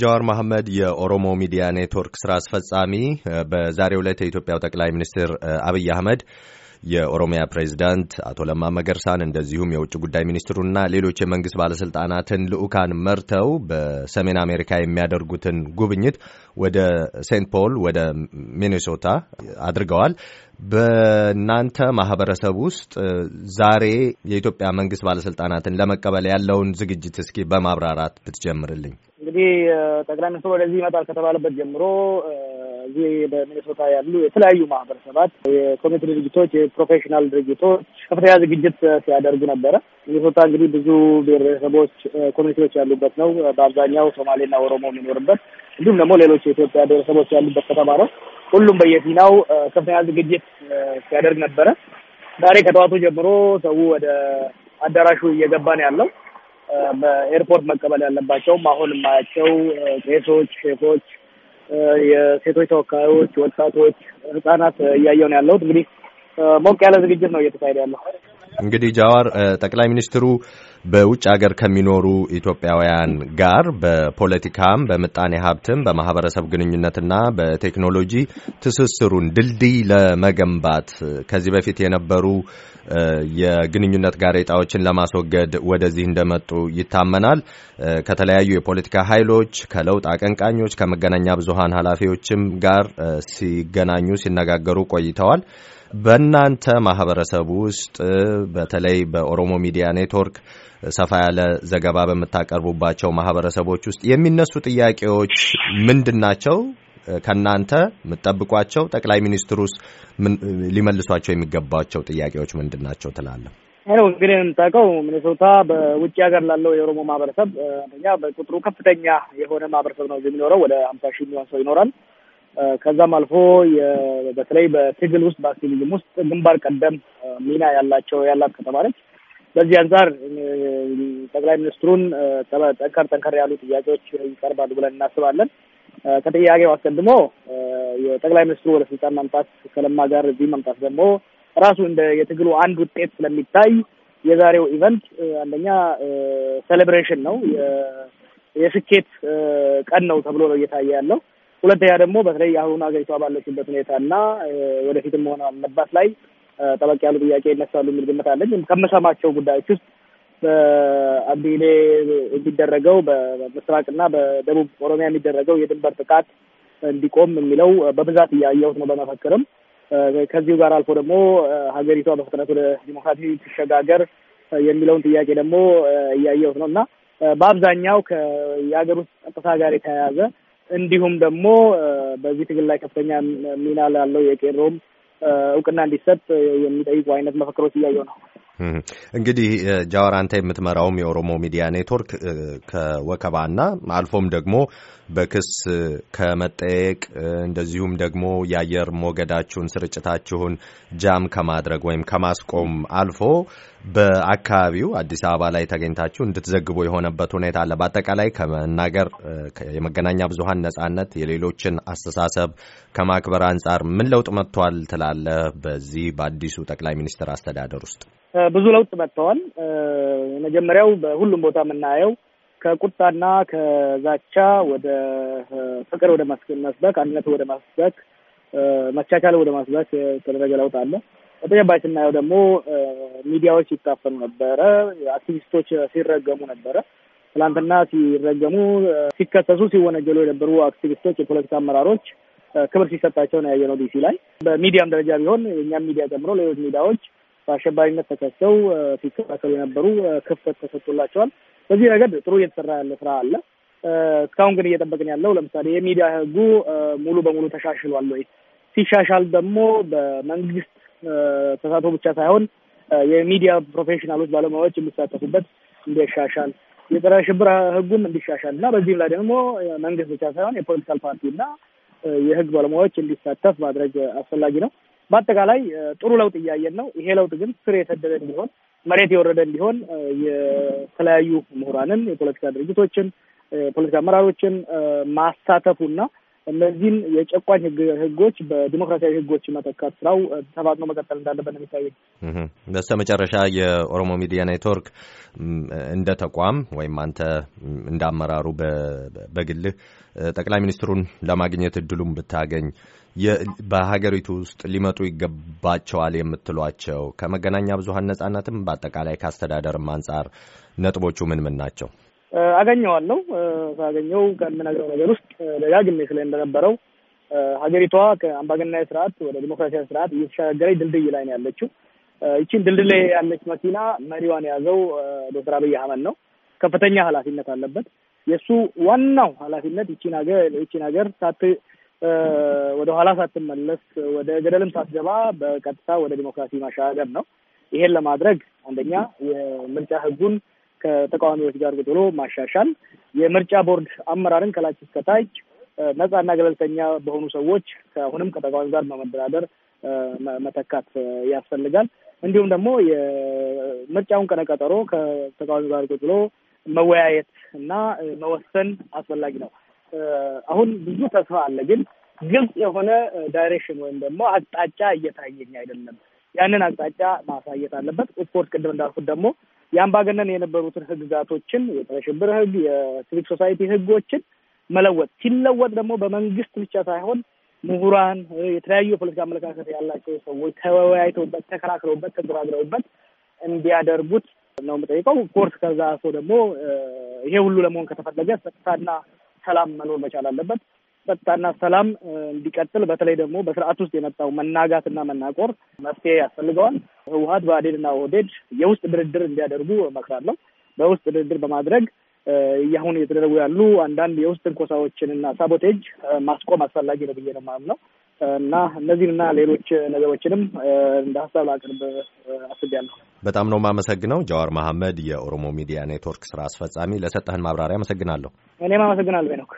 ጃዋር መሐመድ የኦሮሞ ሚዲያ ኔትወርክ ስራ አስፈጻሚ በዛሬው ዕለት የኢትዮጵያው ጠቅላይ ሚኒስትር አብይ አህመድ የኦሮሚያ ፕሬዚዳንት አቶ ለማ መገርሳን እንደዚሁም የውጭ ጉዳይ ሚኒስትሩና ሌሎች የመንግስት ባለስልጣናትን ልዑካን መርተው በሰሜን አሜሪካ የሚያደርጉትን ጉብኝት ወደ ሴንት ፖል ወደ ሚኔሶታ አድርገዋል። በእናንተ ማህበረሰብ ውስጥ ዛሬ የኢትዮጵያ መንግስት ባለስልጣናትን ለመቀበል ያለውን ዝግጅት እስኪ በማብራራት ብትጀምርልኝ። ስለዚህ ጠቅላይ ሚኒስትሩ ወደዚህ ይመጣል ከተባለበት ጀምሮ እዚህ በሚኒሶታ ያሉ የተለያዩ ማህበረሰባት፣ የኮሚኒቲ ድርጅቶች፣ የፕሮፌሽናል ድርጅቶች ከፍተኛ ዝግጅት ሲያደርጉ ነበረ። ሚኒሶታ እንግዲህ ብዙ ብሔረሰቦች፣ ኮሚኒቲዎች ያሉበት ነው። በአብዛኛው ሶማሌና ኦሮሞ የሚኖርበት እንዲሁም ደግሞ ሌሎች የኢትዮጵያ ብሔረሰቦች ያሉበት ከተማ ነው። ሁሉም በየፊናው ከፍተኛ ዝግጅት ሲያደርግ ነበረ። ዛሬ ከጠዋቱ ጀምሮ ሰው ወደ አዳራሹ እየገባ ነው ያለው። በኤርፖርት መቀበል ያለባቸውም አሁን የማያቸው ቄሶች፣ ሼፎች፣ የሴቶች ተወካዮች፣ ወጣቶች፣ ህጻናት እያየውን ያለሁት እንግዲህ ሞቅ ያለ ዝግጅት ነው እየተካሄደ ያለው። እንግዲህ ጃዋር ጠቅላይ ሚኒስትሩ በውጭ ሀገር ከሚኖሩ ኢትዮጵያውያን ጋር በፖለቲካም በምጣኔ ሀብትም በማህበረሰብ ግንኙነትና በቴክኖሎጂ ትስስሩን ድልድይ ለመገንባት ከዚህ በፊት የነበሩ የግንኙነት ጋሬጣዎችን ለማስወገድ ወደዚህ እንደመጡ ይታመናል። ከተለያዩ የፖለቲካ ኃይሎች፣ ከለውጥ አቀንቃኞች፣ ከመገናኛ ብዙሃን ኃላፊዎችም ጋር ሲገናኙ ሲነጋገሩ ቆይተዋል። በእናንተ ማህበረሰብ ውስጥ በተለይ በኦሮሞ ሚዲያ ኔትወርክ ሰፋ ያለ ዘገባ በምታቀርቡባቸው ማህበረሰቦች ውስጥ የሚነሱ ጥያቄዎች ምንድን ናቸው? ከእናንተ የምትጠብቋቸው ጠቅላይ ሚኒስትሩ ውስጥ ሊመልሷቸው የሚገባቸው ጥያቄዎች ምንድን ናቸው ትላለህ? ይኸው እንግዲህ የምታውቀው ሚኔሶታ በውጭ ሀገር ላለው የኦሮሞ ማህበረሰብ አንደኛ በቁጥሩ ከፍተኛ የሆነ ማህበረሰብ ነው የሚኖረው። ወደ ሀምሳ ሺህ የሚሆን ሰው ይኖራል። ከዛም አልፎ በተለይ በትግል ውስጥ በአክቲቪዝም ውስጥ ግንባር ቀደም ሚና ያላቸው ያላት ከተማ ነች። በዚህ አንጻር ጠቅላይ ሚኒስትሩን ጠንከር ጠንከር ያሉ ጥያቄዎች ይቀርባሉ ብለን እናስባለን። ከጥያቄው አስቀድሞ የጠቅላይ ሚኒስትሩ ወደ ስልጣን መምጣት ከለማ ጋር እዚህ መምጣት ደግሞ ራሱ እንደ የትግሉ አንድ ውጤት ስለሚታይ የዛሬው ኢቨንት አንደኛ ሴሌብሬሽን ነው፣ የስኬት ቀን ነው ተብሎ ነው እየታየ ያለው። ሁለተኛ ደግሞ በተለይ አሁን ሀገሪቷ ባለችበት ሁኔታ እና ወደፊትም መሆን አለባት ላይ ጠበቅ ያሉ ጥያቄ ይነሳሉ የሚል ግምት አለኝ። ከምሰማቸው ጉዳዮች ውስጥ በአቢሌ የሚደረገው በምስራቅና በደቡብ ኦሮሚያ የሚደረገው የድንበር ጥቃት እንዲቆም የሚለው በብዛት እያየሁት ነው በመፈክርም ከዚሁ ጋር አልፎ ደግሞ ሀገሪቷ በፍጥነት ወደ ዲሞክራሲ ትሸጋገር የሚለውን ጥያቄ ደግሞ እያየሁት ነው እና በአብዛኛው የሀገር ውስጥ ጸጥታ ጋር የተያያዘ እንዲሁም ደግሞ በዚህ ትግል ላይ ከፍተኛ ሚና ላለው የቄሮም እውቅና እንዲሰጥ የሚጠይቁ አይነት መፈክሮች እያየው ነው። እንግዲህ ጃዋር አንተ የምትመራውም የኦሮሞ ሚዲያ ኔትወርክ ከወከባና አልፎም ደግሞ በክስ ከመጠየቅ እንደዚሁም ደግሞ የአየር ሞገዳችሁን ስርጭታችሁን ጃም ከማድረግ ወይም ከማስቆም አልፎ በአካባቢው አዲስ አበባ ላይ ተገኝታችሁ እንድትዘግቡ የሆነበት ሁኔታ አለ። በአጠቃላይ ከመናገር የመገናኛ ብዙኃን ነጻነት የሌሎችን አስተሳሰብ ከማክበር አንጻር ምን ለውጥ መጥቷል ትላለህ በዚህ በአዲሱ ጠቅላይ ሚኒስትር አስተዳደር ውስጥ? ብዙ ለውጥ መጥተዋል። የመጀመሪያው በሁሉም ቦታ የምናየው ከቁጣና ከዛቻ ወደ ፍቅር ወደ መስበክ፣ አንድነት ወደ ማስበክ መቻቻል ወደ ማስበክ የተደረገ ለውጥ አለ። በተጨባጭ ስናየው ደግሞ ሚዲያዎች ሲታፈኑ ነበረ፣ አክቲቪስቶች ሲረገሙ ነበረ። ትላንትና ሲረገሙ፣ ሲከሰሱ፣ ሲወነጀሉ የነበሩ አክቲቪስቶች፣ የፖለቲካ አመራሮች ክብር ሲሰጣቸው ነው ያየነው ዲሲ ላይ። በሚዲያም ደረጃ ቢሆን የእኛም ሚዲያ ጨምሮ ሌሎች ሚዲያዎች በአሸባሪነት ተከሰው ሲከታተሉ የነበሩ ክፍተት ተሰጥቶላቸዋል። በዚህ ረገድ ጥሩ እየተሰራ ያለ ስራ አለ። እስካሁን ግን እየጠበቅን ያለው ለምሳሌ የሚዲያ ህጉ ሙሉ በሙሉ ተሻሽሏል ወይ? ሲሻሻል ደግሞ በመንግስት ተሳትፎ ብቻ ሳይሆን የሚዲያ ፕሮፌሽናሎች ባለሙያዎች የሚሳተፉበት እንዲሻሻል የጸረ ሽብር ህጉም እንዲሻሻል እና በዚህም ላይ ደግሞ መንግስት ብቻ ሳይሆን የፖለቲካል ፓርቲ እና የህግ ባለሙያዎች እንዲሳተፍ ማድረግ አስፈላጊ ነው። በአጠቃላይ ጥሩ ለውጥ እያየን ነው። ይሄ ለውጥ ግን ስር የሰደደ እንዲሆን መሬት የወረደ እንዲሆን የተለያዩ ምሁራንን፣ የፖለቲካ ድርጅቶችን፣ የፖለቲካ አመራሮችን ማሳተፉና እነዚህም የጨቋኝ ህጎች በዲሞክራሲያዊ ህጎች መተካት ስራው ተባጥኖ መቀጠል እንዳለበት ነው የሚታየኝ። በስተ መጨረሻ የኦሮሞ ሚዲያ ኔትወርክ እንደ ተቋም ወይም አንተ እንዳመራሩ በግልህ ጠቅላይ ሚኒስትሩን ለማግኘት እድሉን ብታገኝ በሀገሪቱ ውስጥ ሊመጡ ይገባቸዋል የምትሏቸው ከመገናኛ ብዙሀን ነጻነትም በአጠቃላይ ከአስተዳደርም አንጻር ነጥቦቹ ምን ምን ናቸው? አገኘዋለሁ። ሳገኘው ከምነግረው ነገር ውስጥ ደጋግሜ ስለ እንደነበረው ሀገሪቷ ከአምባገናዊ ስርዓት ወደ ዲሞክራሲያዊ ስርዓት እየተሸጋገረች ድልድይ ላይ ነው ያለችው። ይቺን ድልድይ ላይ ያለች መኪና መሪዋን የያዘው ዶክተር አብይ አህመድ ነው። ከፍተኛ ኃላፊነት አለበት። የእሱ ዋናው ኃላፊነት ይቺን ሀገር ይቺን ሀገር ሳት ወደ ኋላ ሳትመለስ ወደ ገደልም ሳትገባ በቀጥታ ወደ ዲሞክራሲ ማሻገር ነው። ይሄን ለማድረግ አንደኛ የምርጫ ህጉን ከተቃዋሚዎች ጋር ቁጭ ማሻሻል፣ የምርጫ ቦርድ አመራርን ከላች እስከታች ነጻና ገለልተኛ በሆኑ ሰዎች ከአሁንም ከተቃዋሚ ጋር በመደራደር መተካት ያስፈልጋል። እንዲሁም ደግሞ የምርጫውን ቀነ ከተቃዋሚ ጋር ቁጭ መወያየት እና መወሰን አስፈላጊ ነው። አሁን ብዙ ተስፋ አለ፣ ግን ግልጽ የሆነ ዳይሬክሽን ወይም ደግሞ አቅጣጫ እየታየኝ አይደለም። ያንን አቅጣጫ ማሳየት አለበት። ስፖርት ቅድም እንዳልኩት ደግሞ የአምባገነን የነበሩትን ህግጋቶችን ሽብር ህግ፣ የሲቪክ ሶሳይቲ ህጎችን መለወጥ ሲለወጥ ደግሞ በመንግስት ብቻ ሳይሆን ምሁራን፣ የተለያዩ የፖለቲካ አመለካከት ያላቸው ሰዎች ተወያይተውበት፣ ተከራክረውበት፣ ተዘራዝረውበት እንዲያደርጉት ነው የምጠይቀው። ኮርስ ከዛ ሰው ደግሞ ይሄ ሁሉ ለመሆን ከተፈለገ ጸጥታና ሰላም መኖር መቻል አለበት። ጸጥታና ሰላም እንዲቀጥል በተለይ ደግሞ በስርዓት ውስጥ የመጣው መናጋትና መናቆር መፍትሄ ያስፈልገዋል። ህወሀት ብአዴንና ኦህዴድ የውስጥ ድርድር እንዲያደርጉ እመክራለሁ። በውስጥ ድርድር በማድረግ እያሁን እየተደረጉ ያሉ አንዳንድ የውስጥ እና ሳቦቴጅ ማስቆም አስፈላጊ ነው ብዬ ነው የማምነው እና እና ሌሎች ነገሮችንም እንደ ሀሳብ አቅርብ አስቤያለሁ። በጣም ነው የማመሰግነው። ጀዋር መሐመድ፣ የኦሮሞ ሚዲያ ኔትወርክ ስራ አስፈጻሚ፣ ለሰጠህን ማብራሪያ አመሰግናለሁ። እኔም አመሰግናለሁ ሄኖክ።